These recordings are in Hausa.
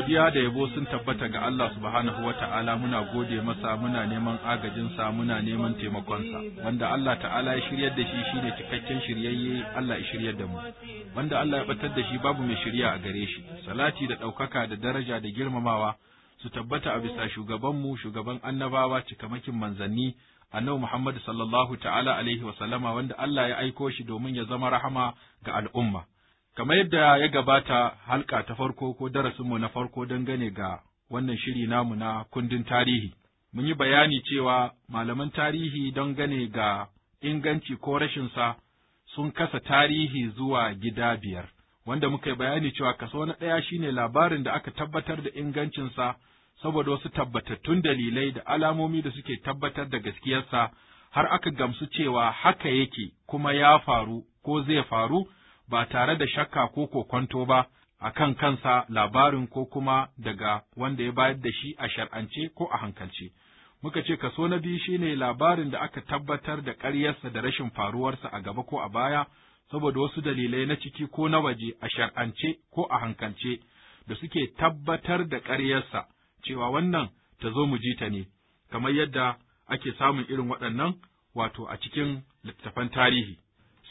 godiya da yabo sun tabbata ga Allah subhanahu wa ta'ala muna gode masa muna neman agajinsa muna neman taimakonsa wanda Allah ta'ala ya shiryar da shi shine cikakken shiryayye Allah ya shiryar da mu wanda Allah ya batar da shi babu mai shirya a gare shi salati da ɗaukaka da daraja da girmamawa su tabbata a bisa shugabanmu shugaban annabawa cikamakin manzanni annabi Muhammad sallallahu ta'ala alaihi wa sallama wanda Allah ya aiko shi domin ya zama rahama ga al'umma Kamar yadda ya gabata halka ta farko ko darasinmu na farko gane ga wannan shiri namu na kundin tarihi, mun yi bayani cewa malaman tarihi don gane ga inganci ko rashinsa sun kasa tarihi zuwa gida biyar, wanda muka yi bayani cewa kaso na ɗaya shine labarin da aka tabbatar da ingancinsa saboda wasu tabbatattun dalilai da alamomi da suke tabbatar da gaskiyarsa har aka gamsu cewa haka yake kuma ya faru ko zai faru ba tare da shakka ko kokwanto ba a kan kansa labarin ko kuma daga wanda ya bayar da shi a shar'ance ko a hankalce. Muka ce kaso na biyu shine labarin da aka tabbatar da ƙaryarsa da rashin faruwarsa a gaba ko a baya, saboda wasu dalilai na ciki ko na waje a shar'ance ko a hankalce da suke tabbatar da ƙaryarsa cewa wannan ta zo mu ji ta ne, kamar yadda ake samun irin waɗannan wato a cikin littattafan tarihi.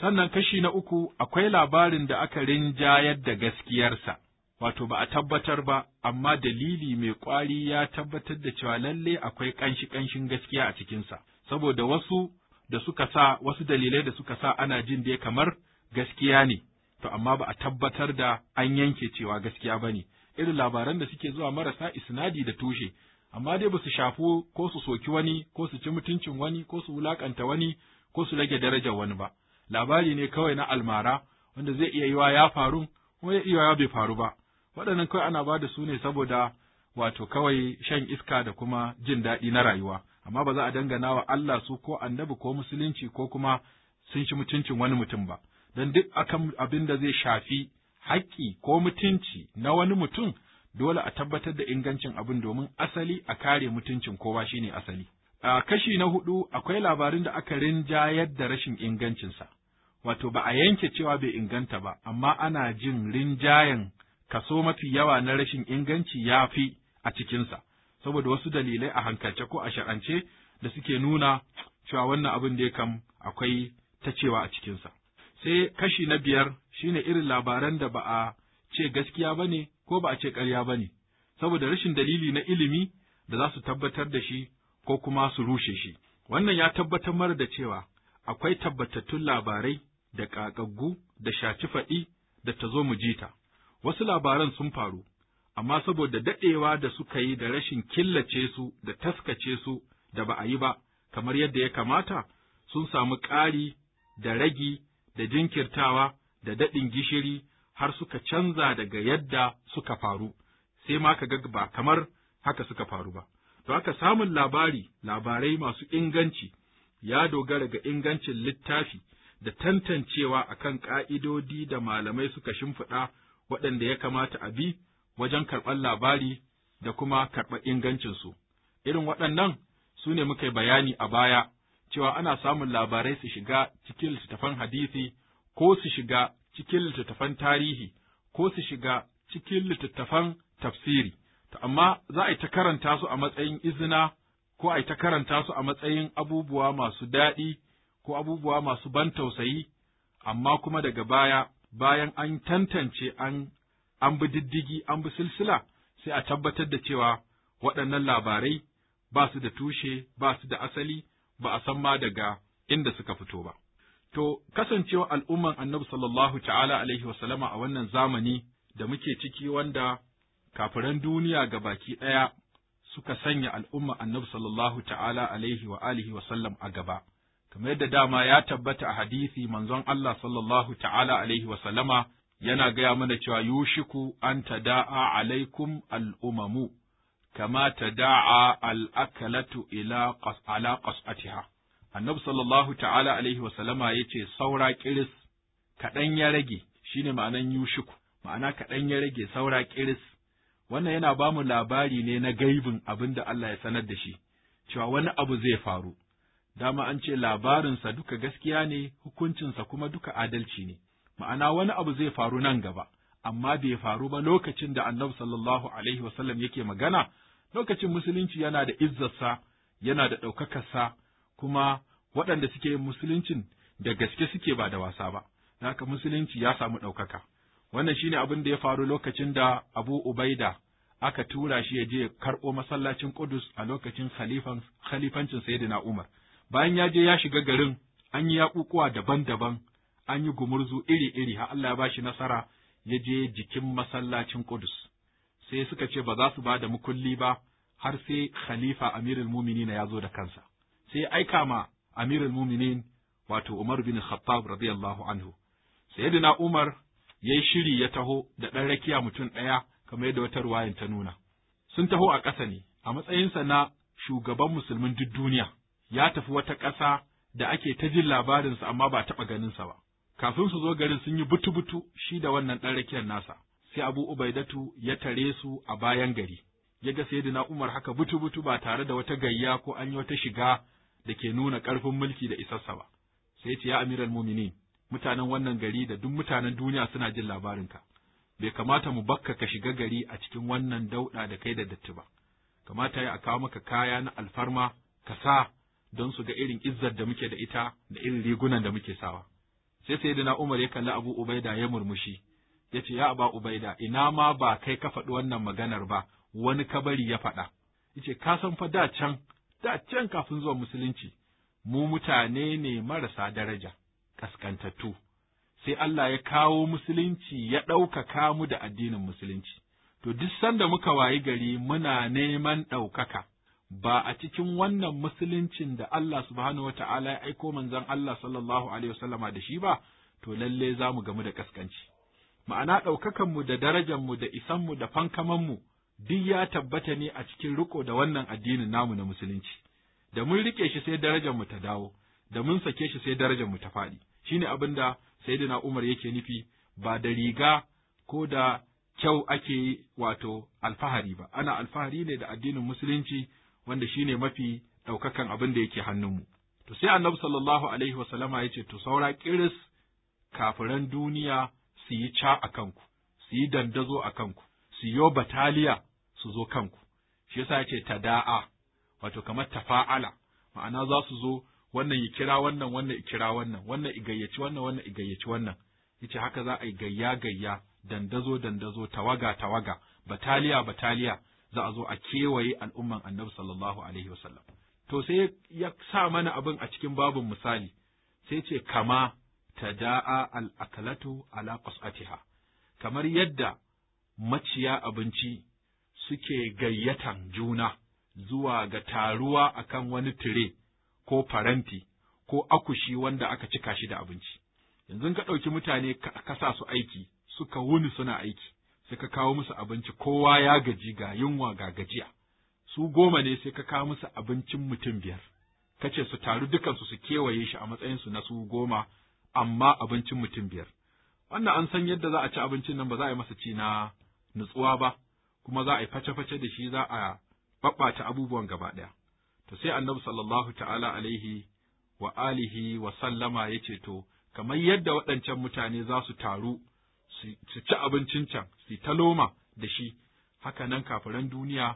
Sannan kashi na uku akwai labarin da aka rinjayar da gaskiyarsa, wato ba a tabbatar ba, amma dalili mai ƙwari ya tabbatar da cewa lalle akwai ƙanshi-ƙanshin gaskiya a cikinsa, saboda wasu da suka sa wasu dalilai da suka sa ana jin dai kamar gaskiya ne, to amma ba a tabbatar da an yanke cewa gaskiya ba ne, irin labaran da suke zuwa marasa isnadi da tushe, amma dai ba su shafi ko su soki wani, ko su ci mutuncin wani, ko su wulaƙanta wani, ko su rage darajar wani ba. labari ne kawai na almara wanda zai iya yiwa ya faru kuma zai iya ya bai faru ba waɗannan kawai ana ba da su ne saboda wato kawai shan iska da kuma jin daɗi na rayuwa amma ba za a dangana wa Allah su ko annabi ko musulunci ko kuma sun shi mutuncin wani mutum ba don duk akan abin da zai shafi haƙƙi ko mutunci na wani mutum dole a tabbatar da ingancin abin domin asali a kare mutuncin kowa shine asali. A kashi na hudu akwai labarin da aka rinjayar da rashin ingancinsa. wato ba a yanke cewa bai inganta ba, amma ana jin rinjayen kaso mafi yawa na rashin inganci ya fi a cikinsa, saboda wasu dalilai a hankalce ko a sha'ance da suke nuna cewa wannan abin da ya kam akwai ta cewa a cikinsa. Sai kashi na biyar shine irin labaran da ba a ce gaskiya ba ne ko ba a ce ƙarya ba ne, saboda rashin dalili na ilimi da za su tabbatar da shi ko kuma su rushe shi. Wannan ya tabbatar mara da cewa akwai tabbatattun labarai da ƙaƙaggu da shaci faɗi da ta zo mu ji ta Wasu labaran sun faru, amma saboda daɗewa da suka yi da rashin killace su da taskace su da ba a yi ba, kamar yadda ya kamata, sun samu ƙari da ragi da jinkirtawa da daɗin gishiri har suka canza daga yadda suka faru, sai ma ka ga ba kamar haka suka faru ba. To haka samun labari, labarai masu inganci, ya dogara ga ingancin littafi da tantancewa a kan ƙa'idodi da malamai suka shimfiɗa waɗanda ya kamata a bi wajen karɓar labari da kuma karɓar ingancinsu. Irin waɗannan su ne muka yi bayani a baya cewa ana samun labarai su shiga cikin littattafan hadisi ko su shiga cikin littattafan tarihi ko su shiga cikin littattafan tafsiri. To amma za a yi ta karanta su a matsayin izina ko a yi ta karanta su a matsayin abubuwa masu daɗi ko abubuwa masu ban tausayi, amma kuma daga baya, bayan an tantance an, an bi diddigi, an bi silsila, sai a tabbatar da cewa waɗannan labarai ba su da tushe, ba su da asali, ba a san ma daga inda suka fito ba. To, kasancewa al'umman annabi sallallahu ta'ala alaihi wasallama a wannan zamani da muke ciki wanda kafiran duniya ga baki ɗaya suka sanya al'umma annabi sallallahu ta'ala alaihi wa alihi a gaba, kamar yadda dama ya tabbata a hadisi manzon Allah sallallahu ta'ala alaihi yana gaya mana cewa yushiku an tada'a alaikum al'umamu kama tada'a al'akalatu ila qas'atiha annabi sallallahu ta'ala alaihi wa sallama yace saura ƙiris kaɗan ya rage shine ma'anan yushiku ma'ana kaɗan ya rage saura ƙiris. wannan yana ba mu labari ne na gaibin abin da Allah ya sanar da shi cewa wani abu zai faru dama an ce labarinsa duka gaskiya ne, hukuncinsa kuma duka adalci ne, ma'ana wani abu zai faru nan gaba, amma bai faru ba lokacin da annabi sallallahu alaihi wasallam yake magana, lokacin musulunci yana da izzarsa, yana da ɗaukakarsa, kuma waɗanda suke yin musuluncin da gaske suke ba da wasa ba, haka musulunci ya samu ɗaukaka. Wannan shi ne abin da ya faru lokacin da Abu Ubaida aka tura shi ya je karɓo masallacin Qudus a lokacin khalifancin Sayyidina Umar. bayan ya je ya shiga garin an yi yaƙuƙuwa daban-daban an yi gumurzu iri-iri har Allah ya ba shi nasara ya je jikin masallacin Qudus sai suka ce ba za su ba da mukulli ba har sai khalifa amirul muminin ya zo da kansa sai aika ma amirul muminin wato Umar bin Khattab radiyallahu anhu sayyidina Umar yayi shiri ya taho da ɗan rakiya mutum ɗaya kamar yadda wata ruwayan ta nuna sun taho a ƙasa ne a matsayinsa na shugaban musulmin duk duniya ya tafi wata ƙasa da ake ta jin labarinsa amma ba taɓa ganinsa ba. Kafin su zo garin sun yi butu-butu shi da wannan ɗan rakiyar nasa, sai Abu Ubaidatu ya tare su a bayan gari. Ya ga Sayyidina Umar haka butu-butu ba tare da wata gayya ko an yi wata shiga da ke nuna ƙarfin mulki da isassa ba. Sai ce ya Amiral Muminin, mutanen wannan gari da duk mutanen duniya suna jin labarinka. Bai kamata mu bakka ka shiga gari a cikin wannan dauɗa da kai da datti ba. Kamata ya a kawo maka kaya na alfarma ka sa don su ga irin izzar da muke da ita da irin rigunan da muke sawa. Sai Sayyidina Umar ya kalli Abu Ubaida ya murmushi, ya ce, Ya Aba Ubaida, ina ma ba kai ka faɗi wannan maganar ba, wani kabari ya faɗa. Ya ce, Ka san fa da can, da can kafin zuwa musulunci, mu mutane ne marasa daraja, kaskantattu. Sai Allah ya kawo musulunci ya ɗaukaka mu da addinin musulunci. To, duk sanda muka wayi gari muna neman ɗaukaka, ba a cikin wannan musuluncin da Allah subhanahu wa ta'ala ya aiko manzon Allah sallallahu alaihi wasallama da shi ba, to lalle za mu gamu da kaskanci. Ma'ana ɗaukakanmu da darajanmu da isanmu da fankamanmu duk ya tabbata ne a cikin riko da wannan addinin namu na musulunci. Da mun riƙe shi sai darajarmu ta dawo, da mun sake shi sai darajarmu ta faɗi. Shi ne abin da Sayyidina Umar yake nufi ba da riga ko da kyau ake wato alfahari ba, ana alfahari ne da addinin musulunci wanda shi ne mafi ɗaukakan abin da yake hannunmu. To sai annabi sallallahu alaihi wasallama ya ce, To saura ƙiris kafiran duniya su yi ca a kanku, su yi dandazo a kanku, su yi bataliya su zo kanku. Shi yasa ya ce tada'a, wato kamar tafa'ala, ma'ana za su zo wannan ya kira wannan, wannan ya kira wannan, wannan ya wannan, wannan ya gayyaci wannan. Yace haka za a yi gayya gayya, dandazo dandazo, tawaga tawaga, bataliya bataliya, za a zo a kewaye al'umman annabi sallallahu alaihi wasallam. To sai ya sa mana abin a cikin babin misali, sai ce kama ta da'a al'akalatu ala qas'atiha kamar yadda maciya abinci suke gayyatan juna zuwa ga taruwa akan wani tire ko faranti ko akushi wanda aka cika shi da abinci. Yanzu ka ɗauki mutane ka sa su aiki, suka wuni suna aiki, sai ka kawo musu abinci kowa ya gaji ga yunwa ga gajiya su goma ne sai ka kawo musu abincin mutum biyar ka ce su taru dukansu su kewaye shi a matsayinsu na su goma amma abincin mutum biyar wannan an san yadda za a ci abincin nan ba za a yi masa ci na nutsuwa ba kuma za a yi face-face da shi za a babbata abubuwan gaba ɗaya to sai annabi sallallahu ta'ala alaihi wa alihi wa sallama ya ce to kamar yadda waɗancan mutane za su taru su ci abincin can su ta loma da shi haka nan kafiran duniya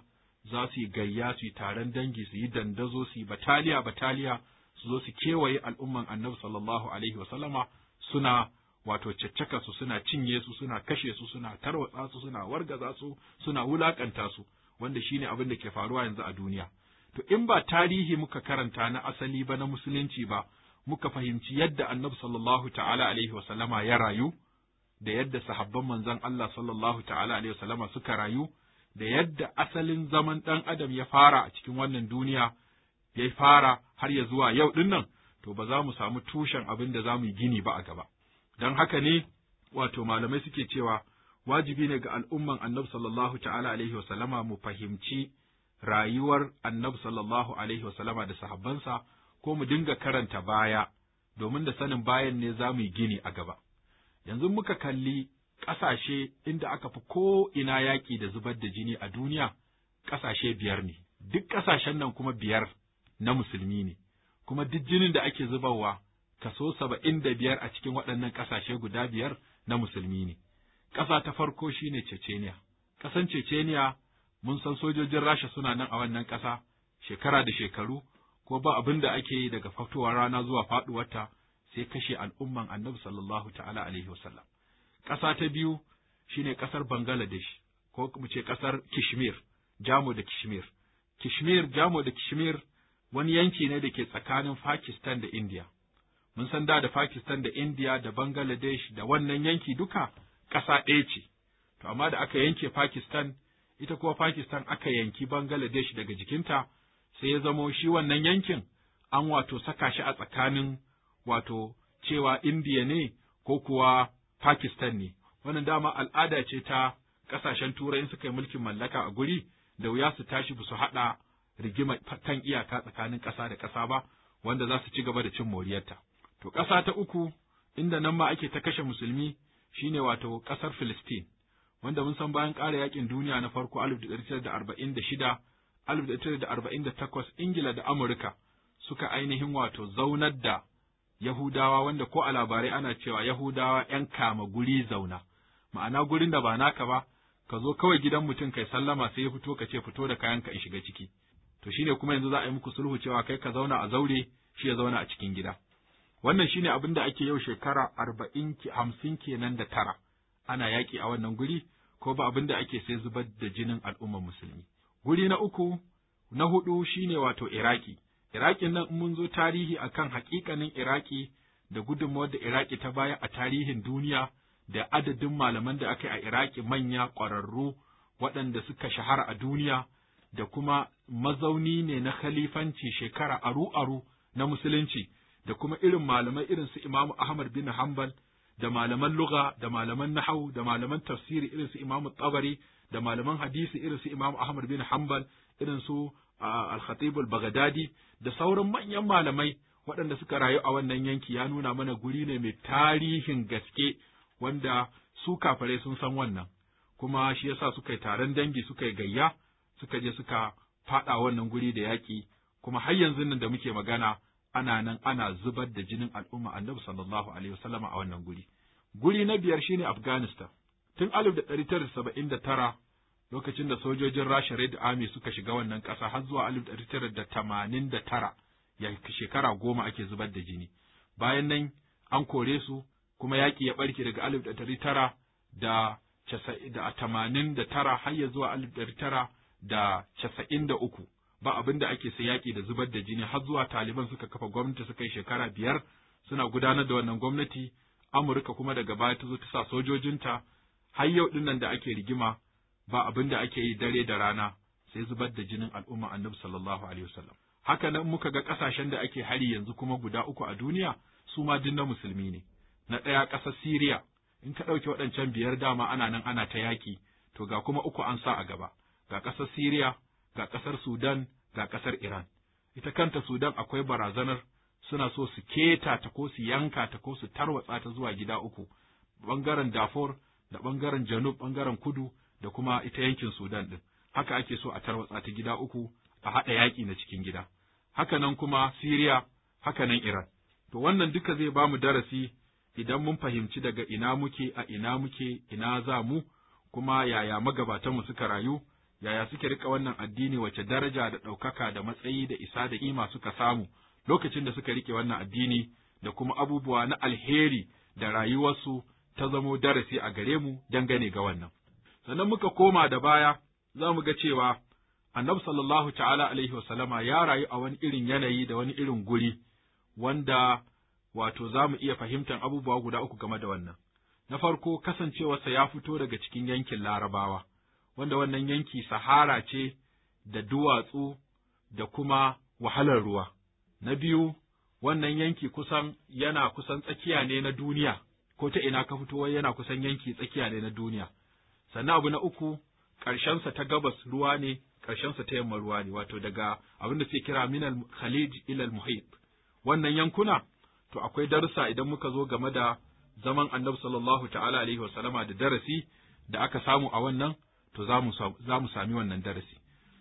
za su gayya su taron dangi su yi dandazo su yi bataliya bataliya su zo su kewaye al'umman annabi sallallahu alaihi wasallama suna wato caccaka su suna cinye su suna kashe su suna tarwatsa su suna wargaza su suna wulakanta su wanda shine abin da ke faruwa yanzu a duniya to in ba tarihi muka karanta na asali ba na musulunci ba muka fahimci yadda annabi sallallahu ta'ala alaihi wasallama ya rayu da yadda sahabban manzon Allah sallallahu ta'ala alaihi wasallama suka rayu da yadda asalin zaman ɗan adam ya fara a cikin wannan duniya ya fara har ya zuwa yau ɗin nan to ba za mu samu tushen abin da za mu yi gini ba a gaba don haka ne wato malamai suke cewa wajibi ne ga al'umman annabi sallallahu ta'ala alaihi wasallama mu fahimci rayuwar annabi sallallahu alaihi wasallama da sahabbansa ko mu dinga karanta baya domin da sanin bayan ne za mu yi gini a gaba Yanzu muka kalli ƙasashe inda aka fi ko ina yaƙi da zubar da jini a duniya, ƙasashe biyar ne, duk ƙasashen nan kuma biyar na musulmi ne, kuma duk jinin da ake zubarwa kaso saba'in da biyar a cikin waɗannan ƙasashe guda biyar na musulmi ne. Ƙasa ta farko shi ne Ceceniya. Ƙasan Ceceniya mun san sojojin Rasha suna nan a wannan ƙasa shekara da shekaru, ko ba abin da ake yi daga fatowar rana zuwa faɗuwarta sai kashe al'umman annabi sallallahu ta'ala alaihi wasallam. Ƙasa ta biyu shine ƙasar Bangladesh ko mu ce ƙasar Kishmir, Jamo da Kishmir. Kishmir, Jamo da Kishmir wani yanki ne da ke tsakanin Pakistan da India. Mun san da da Pakistan da India da Bangladesh da wannan yanki duka ƙasa ɗaya ce. To amma da aka yanke Pakistan, ita kuwa Pakistan aka yanki Bangladesh daga jikinta, sai ya zamo shi wannan yankin an wato saka shi a tsakanin wato cewa Indiya ne ko kuwa Pakistan ne. Wannan dama al'ada ce ta ƙasashen Turai in suka yi mulkin mallaka a guri da wuya su tashi su haɗa rigima kan iyaka tsakanin ƙasa da ƙasa ba, wanda za su ci gaba da cin moriyarta. To ƙasa ta uku inda nan ma ake ta kashe musulmi shine wato ƙasar Filistin, wanda mun san bayan ƙara yaƙin duniya na farko 1946 1948 Ingila da Amurka suka ainihin wato zaunar da Yahudawa wanda ko a labarai ana cewa Yahudawa ‘yan kama guri zauna, ma'ana gurin da ba naka ba, ka zo kawai gidan mutum kai sallama sai ya fito ka ce fito da kayan ka in shiga ciki. To shi ne kuma yanzu za a yi muku sulhu cewa kai ka zauna a zaure shi ya zauna a cikin gida. Wannan shi ne abin da ake yau shekara arba'in hamsin kenan da tara ana yaƙi a wannan guri ko ba abin da ake sai zubar da jinin al'ummar musulmi. Guri na uku na hudu shine wato Iraki. Iraki nan mun zo tarihi a kan haƙiƙanin Iraki da gudunmawar da Iraki ta baya a tarihin duniya da adadin malaman da aka yi a Iraki manya ƙwararru waɗanda suka shahara a duniya da kuma mazauni ne na khalifanci shekara aru-aru na musulunci da kuma irin malamai irin su Imam Ahmad bin Hanbal da malaman lugha da malaman nahau da malaman tafsiri irin su Imam Tabari da malaman hadisi irin su Imam Ahmad bin Hanbal irin su al-Khatib al-Baghdadi da sauran manyan malamai waɗanda suka rayu a wannan yanki ya nuna mana guri ne mai tarihin gaske wanda su kafare sun san wannan kuma shi yasa suka yi taron dangi suka yi gayya suka je suka faɗa wannan guri da yaƙi kuma har yanzu nan da muke magana ana nan ana zubar da jinin al'umma annabi sallallahu alaihi wasallam a wannan guri guri na biyar shine Afghanistan tun 1979 lokacin da sojojin Rasha Red Army suka shiga wannan ƙasa har zuwa alif tara ya shekara goma ake zubar da jini. Bayan nan an kore su kuma yaƙi ya ɓarke daga alif da har ya zuwa alif casa'in da uku. Ba abin da ake sai yaƙi da zubar da jini har zuwa taliban suka kafa gwamnati suka yi shekara biyar suna gudanar da wannan gwamnati Amurka kuma daga baya ta zo ta sa sojojinta har yau ɗin da ake rigima ba abin da ake yi dare da rana sai zubar da jinin al'umma annabi sallallahu alaihi wasallam haka nan muka ga ƙasashen da ake hari yanzu kuma guda uku a duniya su ma duk na musulmi ne na ɗaya ƙasar Siriya in ka ɗauki waɗancan biyar dama ana nan ana ta yaƙi to ga kuma uku an sa a gaba ga ƙasar Siriya ga ƙasar Sudan ga ƙasar Iran ita kanta Sudan akwai barazanar suna so su keta ta ko su yanka ta ko su tarwatsa ta zuwa gida uku bangaren Darfur da bangaren Janub bangaren Kudu da kuma ita yankin Sudan ɗin. Haka ake so a tarwatsa ta gida uku a haɗa yaƙi na cikin gida. Haka nan kuma Siriya, haka nan Iran. To wannan duka zai ba mu darasi idan mun fahimci daga ina muke a ina muke ina za mu kuma yaya magabatanmu suka rayu yaya suke rika wannan addini wace daraja da ɗaukaka da matsayi da isa da ima suka samu lokacin da suka rike wannan addini da kuma abubuwa na alheri da rayuwarsu ta zamo darasi a gare mu dangane ga wannan. sannan muka koma da baya za mu ga cewa annabi sallallahu ta'ala alaihi wasallama ya rayu a wani irin yanayi da wani irin guri wanda wato za mu iya fahimtar abubuwa guda uku game da wannan. Na farko kasancewarsa ya fito daga cikin yankin larabawa, wanda wannan yanki sahara ce da duwatsu da kuma wahalar ruwa. Na biyu, wannan yanki kusan yana kusan tsakiya ne na duniya, ko ta ina ka fito yana kusan yanki tsakiya ne na duniya. sannan abu na uku ƙarshensa ta gabas ruwa ne ƙarshensa ta yamma ruwa ne wato daga abin da suke kira minal khalij ilal muhit wannan yankuna to akwai darussa idan muka zo game da zaman annabi sallallahu ta'ala alaihi wasallama da darasi da aka samu a wannan to za mu sami wannan darasi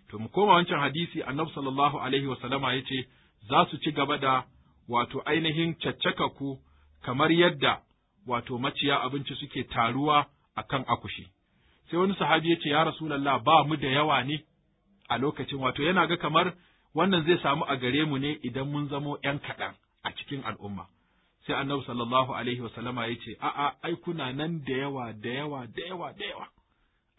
to mu koma wancan hadisi annabi sallallahu alaihi wasallama yace za su ci gaba da wato ainihin caccaka ku kamar yadda wato maciya abinci suke taruwa akan akushi sai wani sahabi ya ce ya rasulallah ba mu da yawa ne a lokacin wato yana ga kamar wannan zai samu a gare mu ne idan mun zamo ‘yan kaɗan a cikin al'umma. Sai annabi sallallahu alaihi wasallama ya ce, A'a, ai kuna nan da yawa, da yawa, da yawa, da yawa,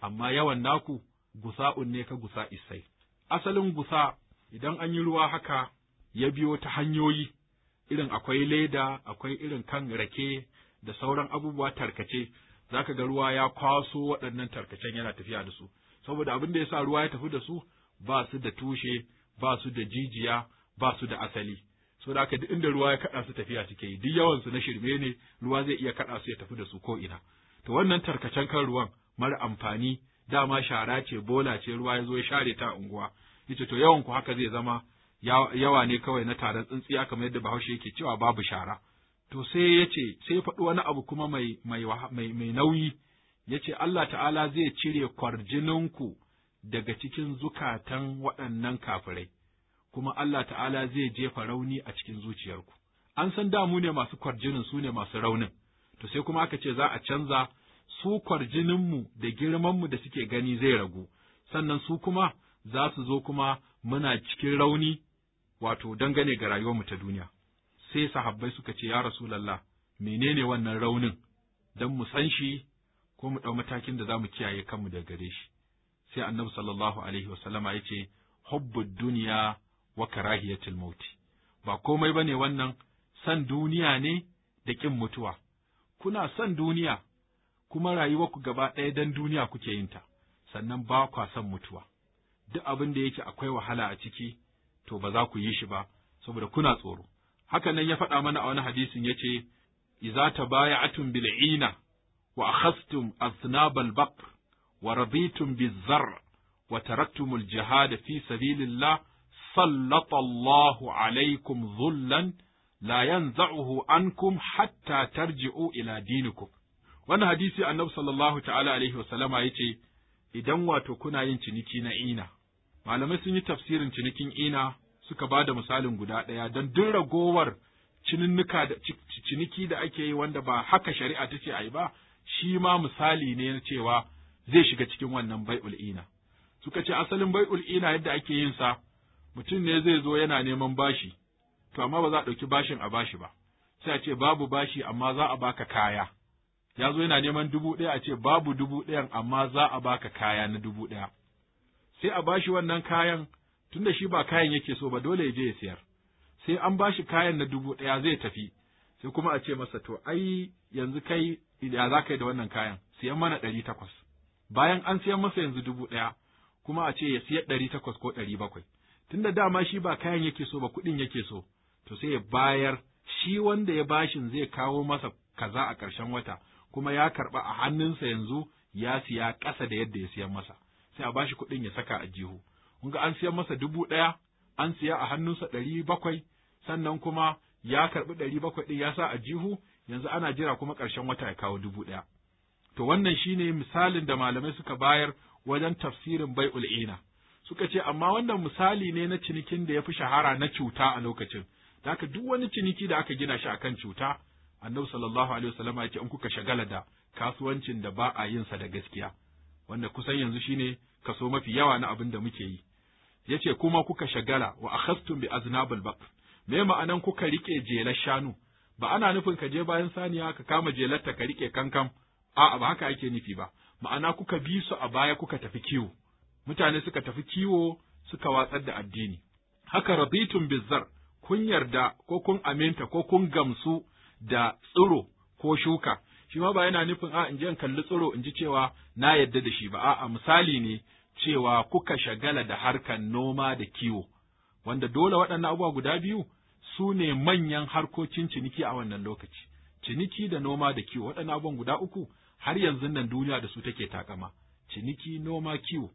amma yawan naku gusa ne ka gusa isai. Asalin gusa idan an yi ruwa haka ya biyo ta hanyoyi, irin akwai leda, akwai irin kan rake da sauran abubuwa tarkace, za ka ga ruwa ya kwaso waɗannan tarkacen yana tafiya da su, saboda abin da ya sa ruwa ya tafi da su ba su da tushe, ba su da jijiya, ba su da asali. So da aka inda ruwa ya kaɗa su tafiya suke yi, duk su na shirme ne, ruwa zai iya kaɗa su ya tafi da su ko ina. To wannan tarkacen kan ruwan mara amfani dama shara ce bola ce ruwa ya zo ya share ta unguwa. Yace to yawan ku haka zai zama yawa ne kawai na taron tsintsiya kamar yadda Bahaushe yake cewa babu shara. to sai ya ce sai faɗi wani abu kuma mai mai mai, mai nauyi ya ce Allah ta'ala zai cire kwarjininku daga cikin zukatan waɗannan kafirai kuma Allah ta'ala zai jefa rauni a cikin zuciyarku an san damu ne masu kwarjinin su ne masu raunin to sai kuma aka ce za a canza su kwarjininmu da girmanmu da suke gani zai ragu sannan su kuma za su zo kuma muna cikin rauni wato dangane ga rayuwarmu ta duniya sai sahabbai suka ce ya Rasulallah menene wannan raunin don mu san shi ko mu ɗau matakin da za mu kiyaye kanmu daga gare shi sai annabi sallallahu alaihi wasallama ya ce hubbu duniya wa karahiyatul mauti ba komai bane wannan san duniya ne da ƙin mutuwa kuna son duniya kuma ku gaba ɗaya don duniya kuke yin ta sannan ba kwa son mutuwa duk abin da yake akwai wahala a ciki to ba za ku yi shi ba saboda kuna tsoro haka nan ya faɗa mana a wani hadisin ya ce, Iza ta baya atun bil'ina, wa akhastum aznabal baqr wa rabitum bizar, wa taraktumul jihad fi sabilillah, sallata alaikum zullan, la yanza'uhu ankum hatta tarji'u ila dinikum. Wannan hadisi annabi sallallahu ta'ala alaihi wa sallama ya ce, Idan wato kuna yin ciniki na ina, malamai sun yi tafsirin cinikin ina suka ba da misalin guda ɗaya don duk ragowar cininnika da ciniki da ake yi wanda ba haka shari'a ta ce a yi ba shi ma misali ne na cewa zai shiga cikin wannan bai'ul ina suka ce asalin bai'ul ina yadda ake yin sa mutum ne zai zo yana neman bashi to amma ba za a ɗauki bashin a bashi ba sai a ce babu bashi amma za a baka kaya ya zo yana neman dubu ɗaya a ce babu dubu ɗayan amma za a baka kaya na dubu ɗaya sai a bashi wannan kayan tunda shi ba kayan yake so ba dole ya je ya siyar sai an bashi kayan na dubu ɗaya zai tafi sai kuma a ce masa to ai yanzu kai ya za ka yi da wannan kayan siyan mana ɗari takwas bayan an siyan masa yanzu dubu ɗaya kuma a ce ya siya ɗari takwas ko ɗari bakwai tunda dama shi ba kayan yake so ba kuɗin yake so to sai ya bayar shi wanda ya bashin zai kawo masa kaza a ƙarshen wata kuma ya karɓa a hannunsa yanzu ya siya ƙasa da yadda ya siyan masa sai a bashi kuɗin ya saka a jihu kun ga an siya masa dubu ɗaya an siya a hannunsa ɗari bakwai sannan kuma ya karɓi ɗari bakwai ɗin ya sa a jihu yanzu ana jira kuma ƙarshen wata ya kawo dubu ɗaya. To wannan shi ne misalin da malamai suka bayar wajen tafsirin bai ul'ina. Suka ce amma wannan misali ne na cinikin da ya fi shahara na cuta a lokacin. Da aka duk wani ciniki da aka gina shi akan cuta, annabi sallallahu alaihi wasallam ya ce in kuka shagala da kasuwancin da ba a yinsa da gaskiya. Wanda kusan yanzu shi ne kaso mafi yawa na abin da muke yi. Ya ce kuma kuka shagala wa akhastum bi aznabul baq me ma'anan kuka rike jelar shanu ba ana nufin ka je bayan saniya ka kama jelar ta ka rike kankan a'a ba haka ake nufi ba ma'ana kuka bi su a baya kuka tafi kiwo mutane suka tafi kiwo suka watsar da addini haka rabitun bizzar kun yarda ko kun aminta ko kun gamsu da tsiro ko shuka shi ma ba yana nufin a in je in kalli tsiro in ji cewa na yarda da shi ba a'a misali ne cewa kuka shagala da harkar noma da kiwo, wanda dole waɗannan abubuwa guda biyu su ne manyan harkokin ciniki a wannan lokaci, ciniki da noma da kiwo, waɗannan abubuwan guda uku har yanzu nan duniya da su take takama, ciniki, noma, kiwo.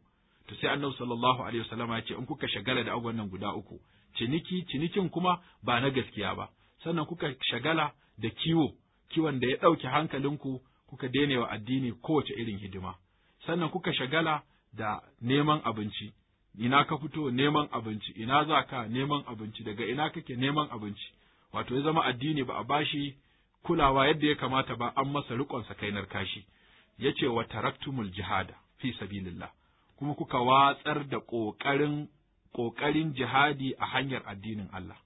To sai annabi sallallahu alaihi wasallam ya ce in kuka shagala da abubuwan guda uku, ciniki, cinikin kuma ba na gaskiya ba, sannan kuka shagala da kiwo, kiwon da ya ɗauke hankalinku kuka daina wa addini kowace irin hidima. Sannan kuka shagala da neman abinci, ina ka fito neman abinci, ina za ka neman abinci, daga ina kake neman abinci, wato ya zama addini ba a bashi kulawa yadda ya kamata ba an masa riƙonsa kai kashi. Ya ce wa taraktumul jihada fi sabilillah, kuma kuka watsar da ƙoƙarin ƙoƙarin jihadi a hanyar addinin Allah.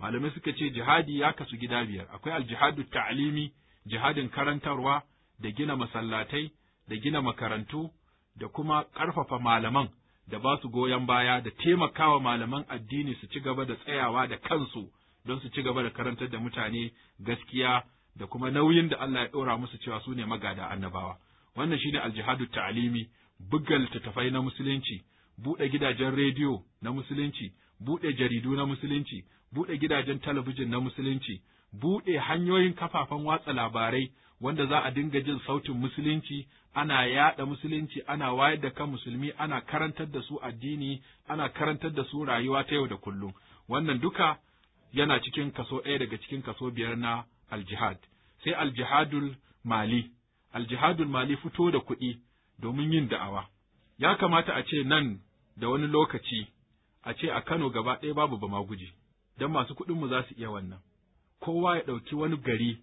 Malamai suka ce jihadi ya kasu gida biyar, akwai aljihadu ta'alimi, jihadin karantarwa, da gina masallatai, da gina makarantu, da kuma ƙarfafa malaman da ba su goyon baya da taimakawa malaman addini su ci gaba da tsayawa da kansu don su ci gaba da karantar da mutane gaskiya da kuma nauyin da Allah ya ɗora musu cewa su ne magada annabawa. Wannan shi ne aljihadu ta'alimi, buga littattafai na musulunci, buɗe gidajen rediyo na musulunci, buɗe jaridu na musulunci, buɗe gidajen talabijin na musulunci, buɗe hanyoyin kafafen watsa labarai wanda za a dinga jin sautin musulunci ana yaɗa musulunci ana wayar da kan musulmi ana karantar da su addini ana karantar da su rayuwa ta yau da kullum wannan duka yana cikin kaso ɗaya daga cikin kaso biyar na aljihad sai aljihadul mali aljihadul mali fito da kuɗi domin yin da'awa ya kamata a ce nan da wani lokaci a ce a Kano gaba ɗaya babu bama guji don masu kuɗinmu za su iya wannan kowa ya ɗauki wani gari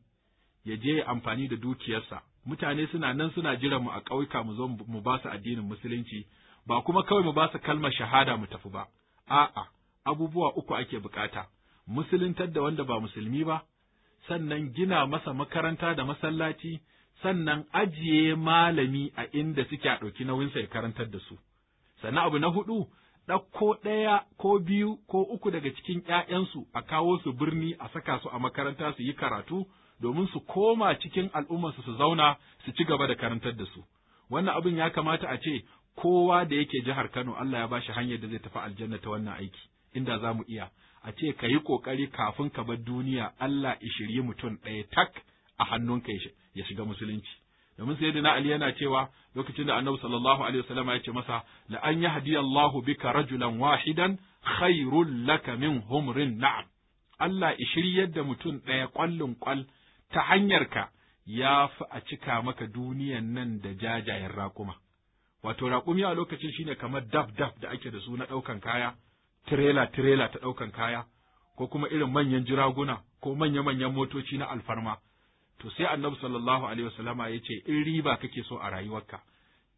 ya je ya amfani da dukiyarsa mutane suna nan suna jiran mu a ƙauyuka mu zo mu ba su addinin musulunci ba kuma kawai mu ba su kalmar shahada mu tafi ba a'a abubuwa uku ake bukata musuluntar da wanda ba musulmi ba sannan gina masa makaranta da masallaci sannan ajiye malami a inda suke a ɗauki nauyinsa ya karantar da su sannan abu na hudu? ɗauko ɗaya ko biyu ko uku daga cikin ‘ya'yansu a kawo su birni a saka su a makaranta su yi karatu domin su koma cikin al'ummarsu su zauna su ci gaba da karantar da su. Wannan abin ya kamata a ce kowa da yake jihar Kano Allah ya ba shi hanyar da zai tafi aljanna ta wannan aiki, inda za mu iya. A ce ka yi ƙoƙari kafin ka bar duniya Allah ya ishiri mutum ɗaya tak a hannunka ya shiga musulunci. domin sayyidina Ali yana cewa lokacin da Annabi sallallahu alaihi wasallam ya ce masa la an yahdiyallahu bika rajulan wahidan khairul laka min humrin na'am Allah shiryar da mutum ɗaya kwallon ƙwal ta hanyarka ya fi a cika maka duniyan nan da jajayen raƙuma. Wato raƙumi a lokacin shine kamar daf daf da ake da su na ɗaukan kaya, tirela tirela ta ɗaukan kaya, ko kuma irin manyan jiraguna ko manya manyan motoci na alfarma. to sai annabi sallallahu alaihi wasallama ya ce in riba kake so a rayuwarka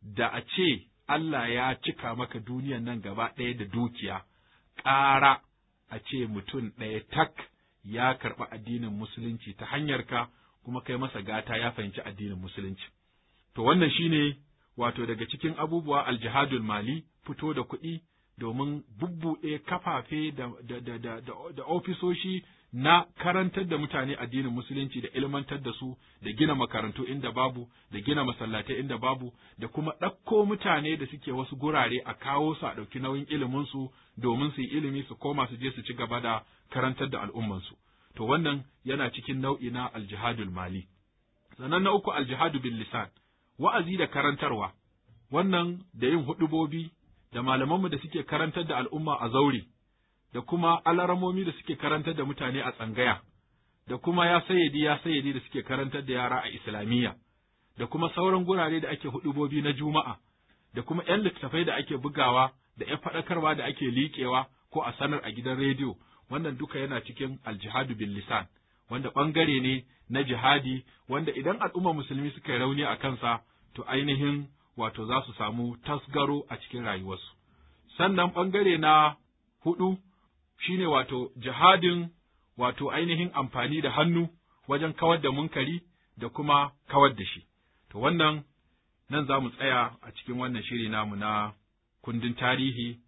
da a ce Allah ya cika maka duniyan nan gaba ɗaya da dukiya ƙara a ce mutum ɗaya tak ya karɓi addinin musulunci ta hanyarka kuma kai masa gata ya fahimci addinin musulunci to wannan shine wato daga cikin abubuwa aljihadul mali fito da kuɗi domin bubbuɗe kafafe da ofisoshi na karantar da mutane addinin musulunci da ilmantar da su da gina makarantu inda babu da gina masallatai inda babu da kuma ɗakko mutane da suke wasu gurare a kawo su a ɗauki nauyin iliminsu domin su yi ilimi su koma su je su ci gaba da karantar da al'ummansu to wannan yana cikin nau'i na aljihadul mali sannan na uku aljihadu bil lisan wa'azi da karantarwa wannan da yin huɗubobi da malamanmu da suke karantar da al'umma a zaure, da kuma alaramomi da suke karantar da mutane a tsangaya, da kuma ya sayyadi ya sayyadi da suke karantar da yara a Islamiyya, da kuma sauran gurare da ake hudubobi na Juma'a, da kuma ‘yan littattafai da ake bugawa, da ‘yan faɗakarwa da ake liƙewa ko a sanar a gidan rediyo, wannan duka yana cikin aljihadu bin lisan, wanda ɓangare ne na jihadi, wanda idan al'ummar musulmi suka yi rauni a kansa, to ainihin wato za su samu tasgaro a cikin rayuwarsu. Sannan ɓangare na huɗu shi ne wato jihadin wato ainihin amfani da hannu wajen kawar da munkari da kuma kawar da shi. To wannan nan za mu tsaya a cikin wannan shiri namu na kundin tarihi,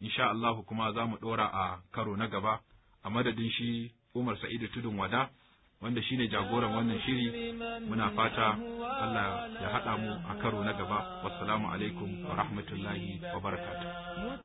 insha Allahu kuma za mu ɗora a karo na gaba a madadin shi Umar Sa'idu Tudun Wada. wanda shine jagoran wannan shiri muna fata Allah ya haɗa mu a karo na gaba wassalamu alaikum wa rahmatullahi wa barakatuh